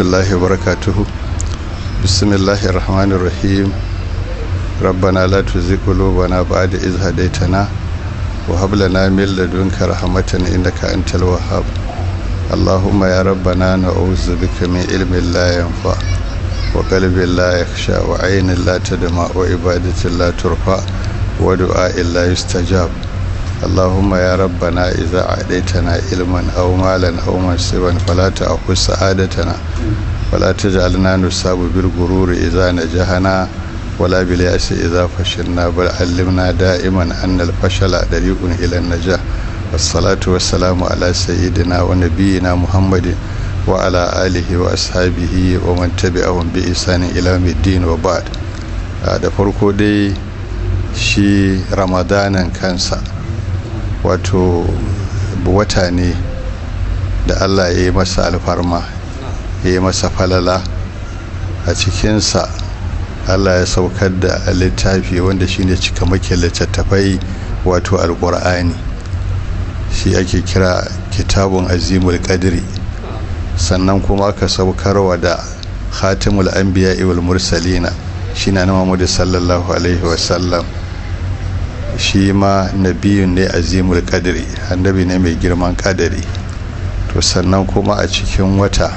rahmatullahi wa barakatuhu bismillahir rahmanir rahim rabbana la tuzigh qulubana ba'da idh hadaytana wa hab lana min ladunka rahmatan innaka antal wahhab allahumma ya rabbana na'udzu bika min ilmin la yanfa wa qalbin la yakhsha wa 'aynin la tadma wa ibadatin la turfa wa du'a la yustajab اللهم يا ربنا إذا عديتنا علما أو مالا أو منصبا فلا تأخذ سعادتنا ولا تجعلنا نصاب بالغرور إذا نجحنا ولا باليأس إذا فشلنا بل علمنا دائما أن الفشل طريق إلى النجاح والصلاة والسلام على سيدنا ونبينا محمد وعلى آله وأصحابه ومن تبعهم بإحسان إلى يوم الدين وبعد هذا فرقودي شي رمضان كان kansa wato wata ne da allah ya yi masa alfarma ya yi masa falala a cikinsa allah ya saukar da littafi wanda shine cikamakin littattafai wato alkur'ani shi ake kira kitabun azimul kadiri sannan kuma aka saukarwa da khatimul anbiya wal mursalina shine na muhammadu sallallahu alaihi wasallam shi ma Nabiyu ne azimul kadiri annabi ne mai girman kadiri to sannan kuma a cikin wata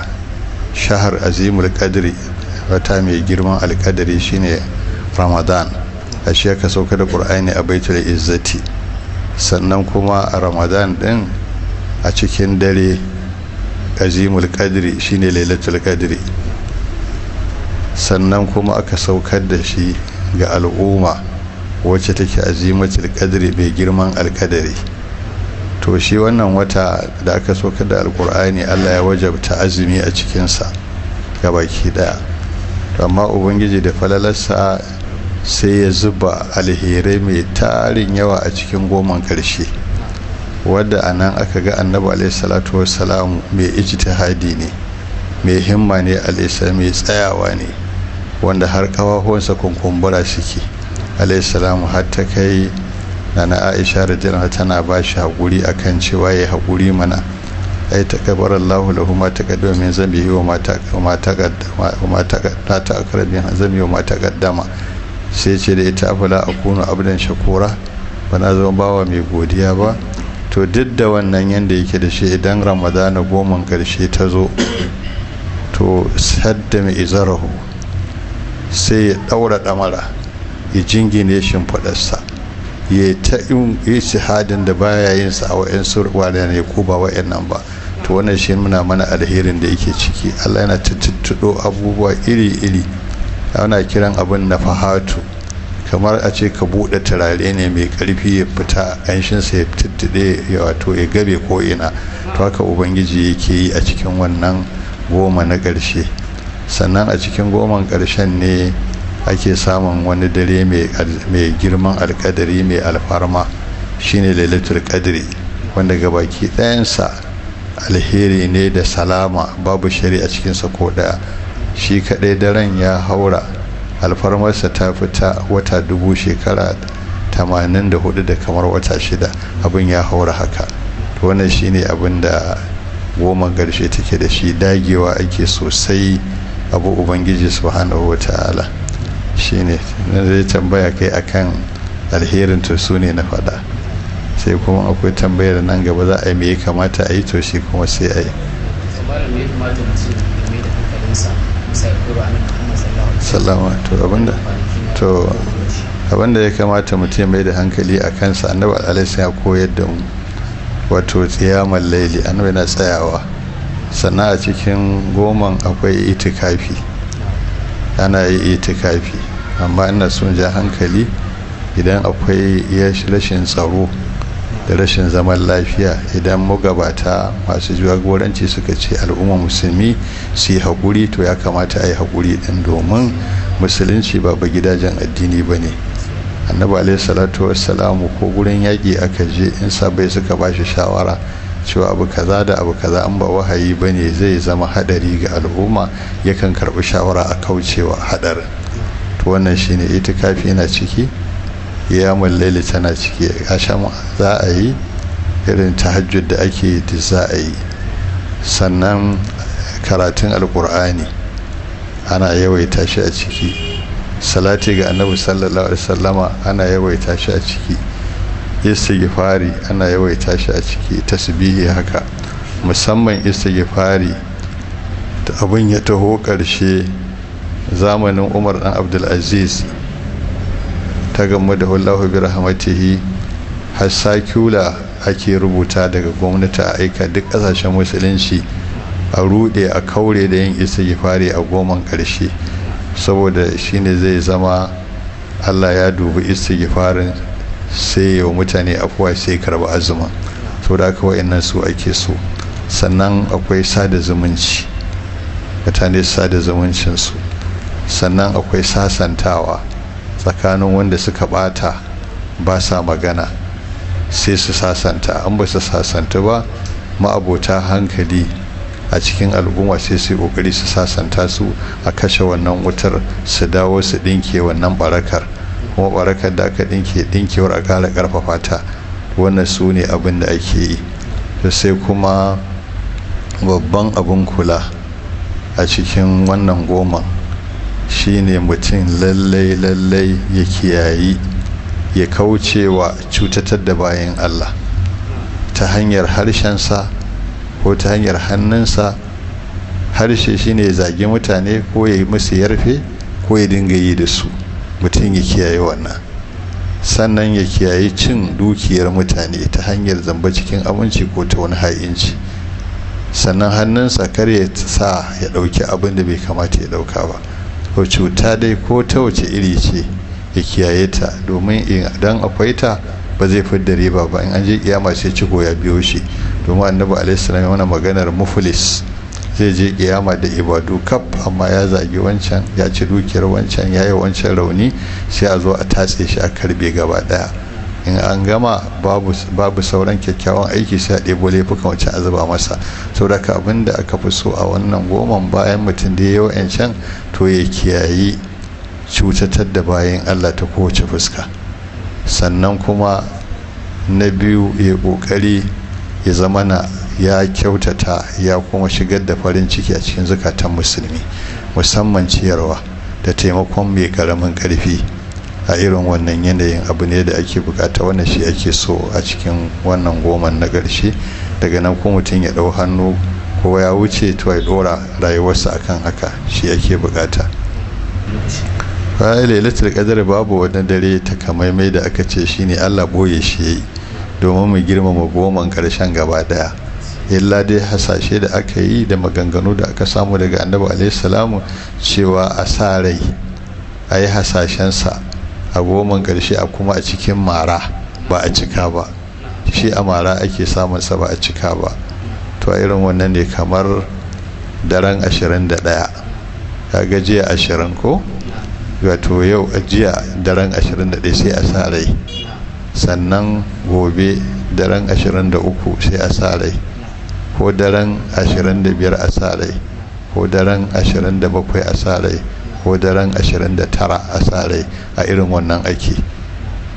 shahar azimul kadiri wata mai girman alkadiri shine ramadan a shi aka sauka da ƙur'ani a baitul izzati sannan kuma a ramadan din a cikin dare azimul kadiri shine lailatul kadiri sannan kuma aka saukar da shi ga al'umma wacce take azimatul kadri mai girman alkadari to shi wannan wata da aka soka da alkur'ani allah ya wajabta azumi a cikinsa ga baki daya amma ubangiji da falalarsa sai ya zuba alherai mai tarin yawa a cikin goman karshe wadda a nan aka ga annabi salatu wassalamu mai ijtihadi ne mai himma ne alaisa mai tsayawa ne wanda har kawahonsa kunkumbura suke Salam har ta kai na aisha da radiyallahu tana ba shi a kan cewa ya hakuri mana ai ta kabar Allahu lahu ma taqaddama min yi wa ma taqaddama zambi wa ma taqaddama sai ce da ita a akunu abdan shakura bana zama bawa mai godiya ba to duk da wannan yanda yake da shi idan ramadana goma karshe ta zo to sadda mai izarahu sai ya ɗaura ɗamara ya jingine shimfiɗarsa ya ta yin istihadin da baya yin sa a wa'in surwa da ne ko ba wa'in nan ba to wannan shi muna mana alherin da yake ciki Allah yana tuttuɗo abubuwa iri-iri ana kiran abin na fahatu kamar a ce ka buɗe turare ne mai karfi ya fita sa ya tuttuɗe ya wato ya gabe ko ina to haka ubangiji yake yi a cikin wannan goma na ƙarshe sannan a cikin goman ƙarshen ne ake samun wani dare mai girman alkadari mai alfarma shine lailatul qadri wanda ga gabaki ɗayansa alheri ne da salama babu shari a cikinsa ko ɗaya shi kaɗai daren ya haura alfarmarsa ta fita wata dubu shekara tamanin da hudu da kamar wata shida abin ya haura haka to wannan shine abin da goma garshe take da shi dagewa ake sosai abu ubangiji subhanahu wa ta'ala ne na zai tambaya kai a kan alherin to su ne na faɗa sai kuma akwai tambayar nan gaba za a yi mai kamata a yi to shi kuma sai a yi to abinda ya kamata mutum mai da hankali a kansa annabi alaihi ya koyar da mu wato tsiyamar laili annabi yana tsayawa sannan a cikin goman akwai itikafi ana yi itikafi amma ina son ja hankali idan akwai rashin tsaro da rashin zaman lafiya idan magabata masu jagoranci suka ce al'umma musulmi su yi haƙuri to ya kamata a yi haƙuri ɗin domin musulunci ba ba gidajen addini ba ne annabi salatu salatu salamu ko gurin yaƙi aka je in sabai suka ba shi shawara cewa abu kaza da abu kaza an ba wahayi ba ne zai zama hadari ga al'umma yakan karbi shawara a kaucewa hadarin to wannan shine itikafi yana ciki ya laili tana ciki a za a yi irin tahajjud da ake da za a yi sannan karatun alkur'ani ana yawaita shi a ciki salati ga annabi sallallahu alaihi wasallama ana yawaita shi a ciki istighfari ana yawaita shi a ciki tasbihi haka musamman istighfari da abin ya taho ƙarshe zamanin umar dan abdulaziz ta gamu da wallahu bi rahmatihi har sakula ake rubuta daga gwamnati a aika duk ƙasashen musulunci a rude a kaure da yin istighfari a goman ƙarshe saboda shine zai zama allah ya dubi istighfarin sai yau mutane afuwa sai karba azumin da aka wa'in su ake so sannan akwai sada zumunci mutane sada zumuncinsu sannan akwai sasantawa tsakanin wanda suka bata ba sa magana sai su sasanta an ba su sasanta ba ma'abota hankali a cikin al'umma sai su kokari su sasanta su a kashe wannan wutar su dawo su dinke wannan barakar kuma barakar da aka dinke dinkewar a kara karfafa ta wannan su ne abin da ake yi sai kuma babban abin kula a cikin wannan goma shine mutum lallai lallai ya kiyayi ya kauce wa cutatar da bayan Allah ta hanyar harshensa ko ta hanyar hannunsa harshe shine ne zagi mutane ko ya yi musu yarfe ko ya dinga yi da su mutum ya kiyaye wannan sannan ya kiyaye cin dukiyar mutane ta hanyar zamba cikin abinci ko ta wani ha'inci sannan hannunsa kar ya sa ya ɗauki abin da bai kamata ya ɗauka ba ko cuta dai ko ta wace iri ce ya kiyaye ta domin idan akwai ta ba zai fidda riba ba in an je kiyama sai ciko ya biyo shi domin annabi alaihi salam yana maganar muflis zai je kiyama da ibadu kaf amma ya zagi wancan ya ci dukiyar wancan ya yi wancan rauni sai a zo a tatse shi a karbe gaba daya in an gama babu sauran kyakkyawan aiki sai a ɗebo laifukan wancan a zuba masa da ka abin da aka fi so a wannan goman bayan mutum da ya yi wa'ancan to ya kiyayi cutatar da bayan allah ta kowace fuska sannan kuma na biyu ya ƙoƙari ya zama na ya kyautata ya kuma shigar da farin ciki a cikin zukatan musulmi musamman ciyarwa da taimakon mai karamin karfi a irin wannan yanayin abu ne da ake bukata wannan shi ake so a cikin wannan goman na ƙarshe daga nan ko mutum ya ɗau hannu ko ya wuce to ya ɗora rayuwarsa akan haka shi ake bukata bayan lailatul kadar babu wani dare takamaimai da aka ce shine Allah boye shi yayi domin mu girmama goman karshen gaba ɗaya illa dai hasashe da aka yi da maganganu da aka samu daga annabi alaihi cewa a sa rai a yi hasashensa a goman ƙarshe a kuma a cikin mara ba a cika ba shi a mara ake samun sa ba a cika ba to a irin wannan ne kamar daren 21 kaga jiya 20 ko wato yau jiya daren 21 sai a sa sannan gobe daren 23 sai a sa rai ko daren 25 a sarai ko daren 27 a sarai ko daren 29 a sarai a irin wannan aiki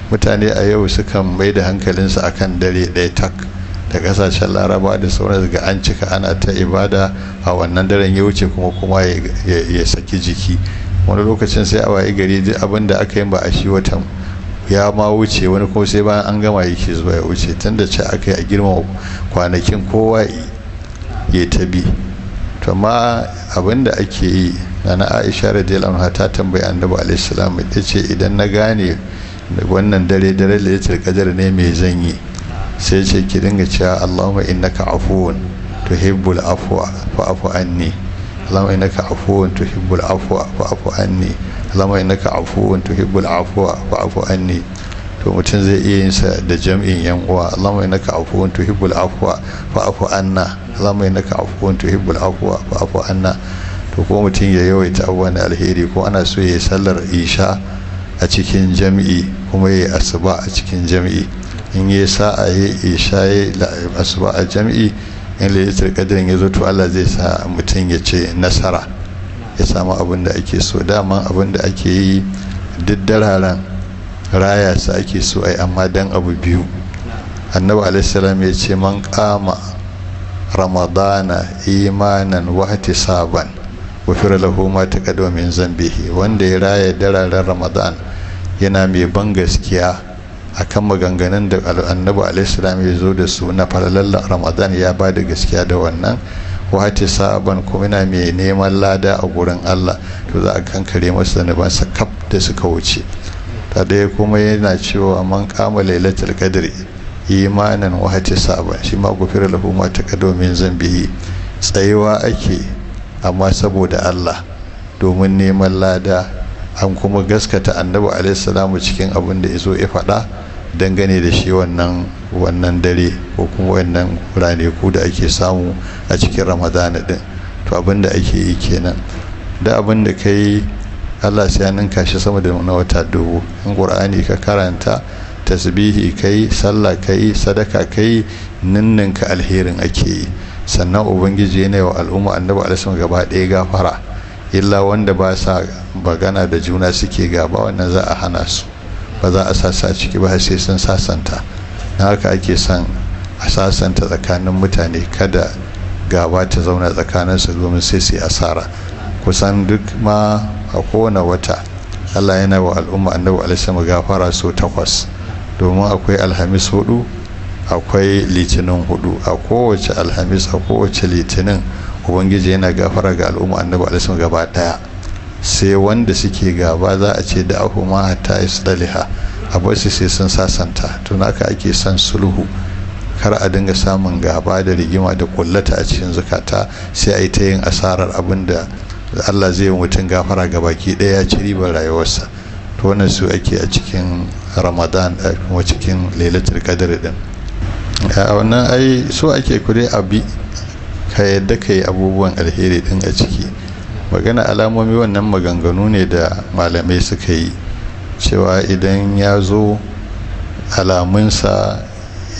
mutane a yau sukan mai da hankalinsu a kan dare ɗaya tak da kasashen laraba da sauran ga an cika ana ta ibada a wannan daren ya wuce kuma kuma ya saki jiki wani lokacin sai a wayi gari duk abin da aka yi ba a shi watan ya ma wuce wani kuma sai bayan an gama yake zuwa ya wuce tun da ce aka yi a girma kwanakin kowa ya tabi to ma abin ake yi na na aisha radiyallahu anha ta tambayi annabi alaihi salam ya ce idan na gane wannan dare dare da lailatul kadar ne mai yi sai ce ki dinga cewa allahumma innaka afuwun tuhibbul afwa fa'fu anni allahumma innaka tuhibbul afwa fa'fu anni zama innaka wa tuhibbul afwa afu anni to mutum zai iya yin sa da jam'in yan uwa Allahumma innaka afuwun tuhibbul afu fa'fu anna Allahumma innaka wa tuhibbul afwa afu anna to ko mutum ya yawaita abubuwan alheri ko ana so ya sallar isha a cikin jam'i kuma ya asuba a cikin jam'i in ya sa'a ya isha ya asuba a jam'i in lailatul qadrin ya zo to Allah zai sa mutum ya ce nasara ya samu abin da ake so dama abin da ake yi duk raya su ake so ai amma dan abu biyu annabi alaihissalam ya ce man kama ramadana imanan wahati saban wafir lahu ma taqaddama min zambihi wanda ya raya dararen ramadan yana mai ban gaskiya akan maganganun da annabi alaihissalam ya zo da su na falalar ramadan ya ba da gaskiya da wannan wata sabon kuma yana mai neman lada a gurin Allah to za a kankare masa zanubansa kaf da suka wuce ta daya kuma yana cewa man kama lailatul qadri imanin wata sabon. shi ma gufira lahu ma taqaddu min zambihi tsayuwa ake amma saboda Allah domin neman lada an kuma gaskata annabi alaihi cikin abin da ya zo ya faɗa dangane da shi wannan wannan dare ko kuma wannan raneku da ake samu a cikin ramadana din to abin da ake yi kenan da abin da ka allah sai ya ninka sama da na wata dubu in qur'ani ka karanta tasbihi kai sallah kai sadaka kai ninninka alherin ake yi sannan ubangiji ne wa al'umma annabi alisun gaba ɗaya gafara illa wanda ba sa bagana da juna suke gaba wannan za a hana su ba za a sasa ciki ba sai sun sasanta na haka ake son a sasanta tsakanin mutane kada gaba ta zauna tsakanin su domin sai su asara kusan duk ma a kowane wata allah yana wa al'umma annabi alisama gafara so takwas domin akwai alhamis hudu akwai litinin hudu a kowace alhamis a kowace litinin ubangiji yana gafara ga al'umma annabi alisama gaba daya sai wanda suke gaba za a ce da ahuma hatta isdaliha a basu sai sun sasanta tun haka ake son sulhu kar a dinga samun gaba da rigima da kullata a cikin zukata sai a yi ta yin asarar abin da Allah zai yi mutum gafara ga baki ɗaya ya ci ribar rayuwarsa to wannan su ake a cikin ramadan a kuma cikin lailatul qadr din a wannan ai so ake kure abi ka yadda ka yi abubuwan alheri din a ciki magana alamomi wannan maganganu ne da malamai suka yi cewa idan ya zo alamunsa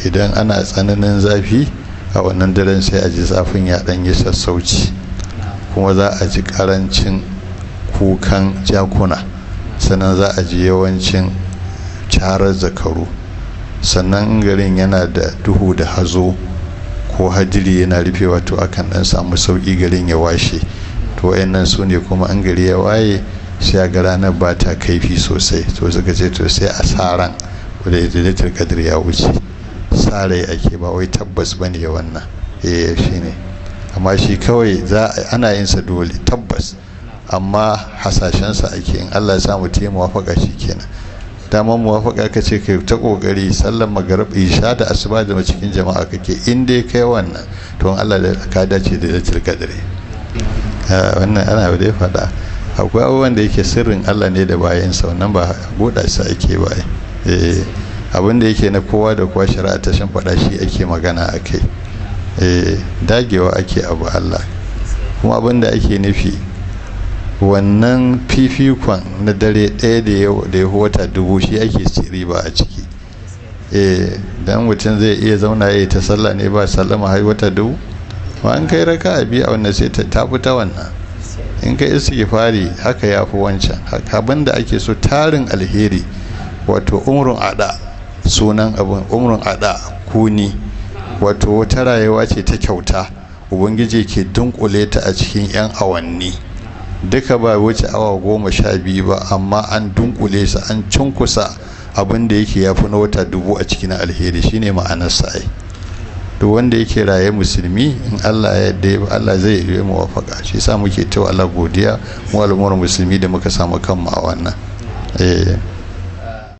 idan ana tsananin zafi a wannan daren sai a ji zafin ya dan yi sassauci kuma za a ji karancin kukan jakuna sannan za a ji yawancin carar zakaru sannan garin yana da duhu da hazo ko hadiri yana rufe wato akan dan samu sauki garin ya washe to nan su ne kuma an gari ya waye sai ga ranar ba ta kaifi sosai to suka ce to sai a sa ran ya idilitar kadir ya wuce sa rai ake ba wai tabbas ba ne wannan ya eh, shi ne amma shi kawai za ana yin sa dole tabbas amma hasashensa ake in allah ya mu muwafaka shi kenan dama muwafaka ka ce yi ta kokari sallan magarabi isha da asuba da cikin jama'a kake in dai kai wannan to allah ka dace da lailatul kadari. wannan ana dai faɗa akwai abubuwan da yake sirrin Allah ne da bayan sau wannan ba buɗa shi ake ba eh, abin da yake na kowa da kowa shari'a ta shan faɗa shi ake magana a kai eh, dagewa ake abu Allah kuma abin da ake nufi wannan fifikon na dare ɗaya da ya wata dubu shi ake tsiri ba a ciki don eh, dan mutum zai iya zauna ya yi ta sallah ne ba sallama har wata dubu fa an kai raka a biyu a sai ta fita wannan in ka fari haka ya fi wancan abin da ake so tarin alheri wato umrun ada sunan abin umrun ada kuni wato wata rayuwa ce ta kyauta ubangiji ke dunkule ta a cikin 'yan awanni duka ba wuce awa goma sha biyu ba amma an dunkule su an cunkusa abin da yake ya fi na wata dubu a cikin alheri shine ma'anar sa'ai duk wanda yake raye musulmi in Allah ya yarda Allah zai yi mu wafaka shi yasa muke ta Allah godiya mu al'ummar musulmi da muka samu kanmu a wannan eh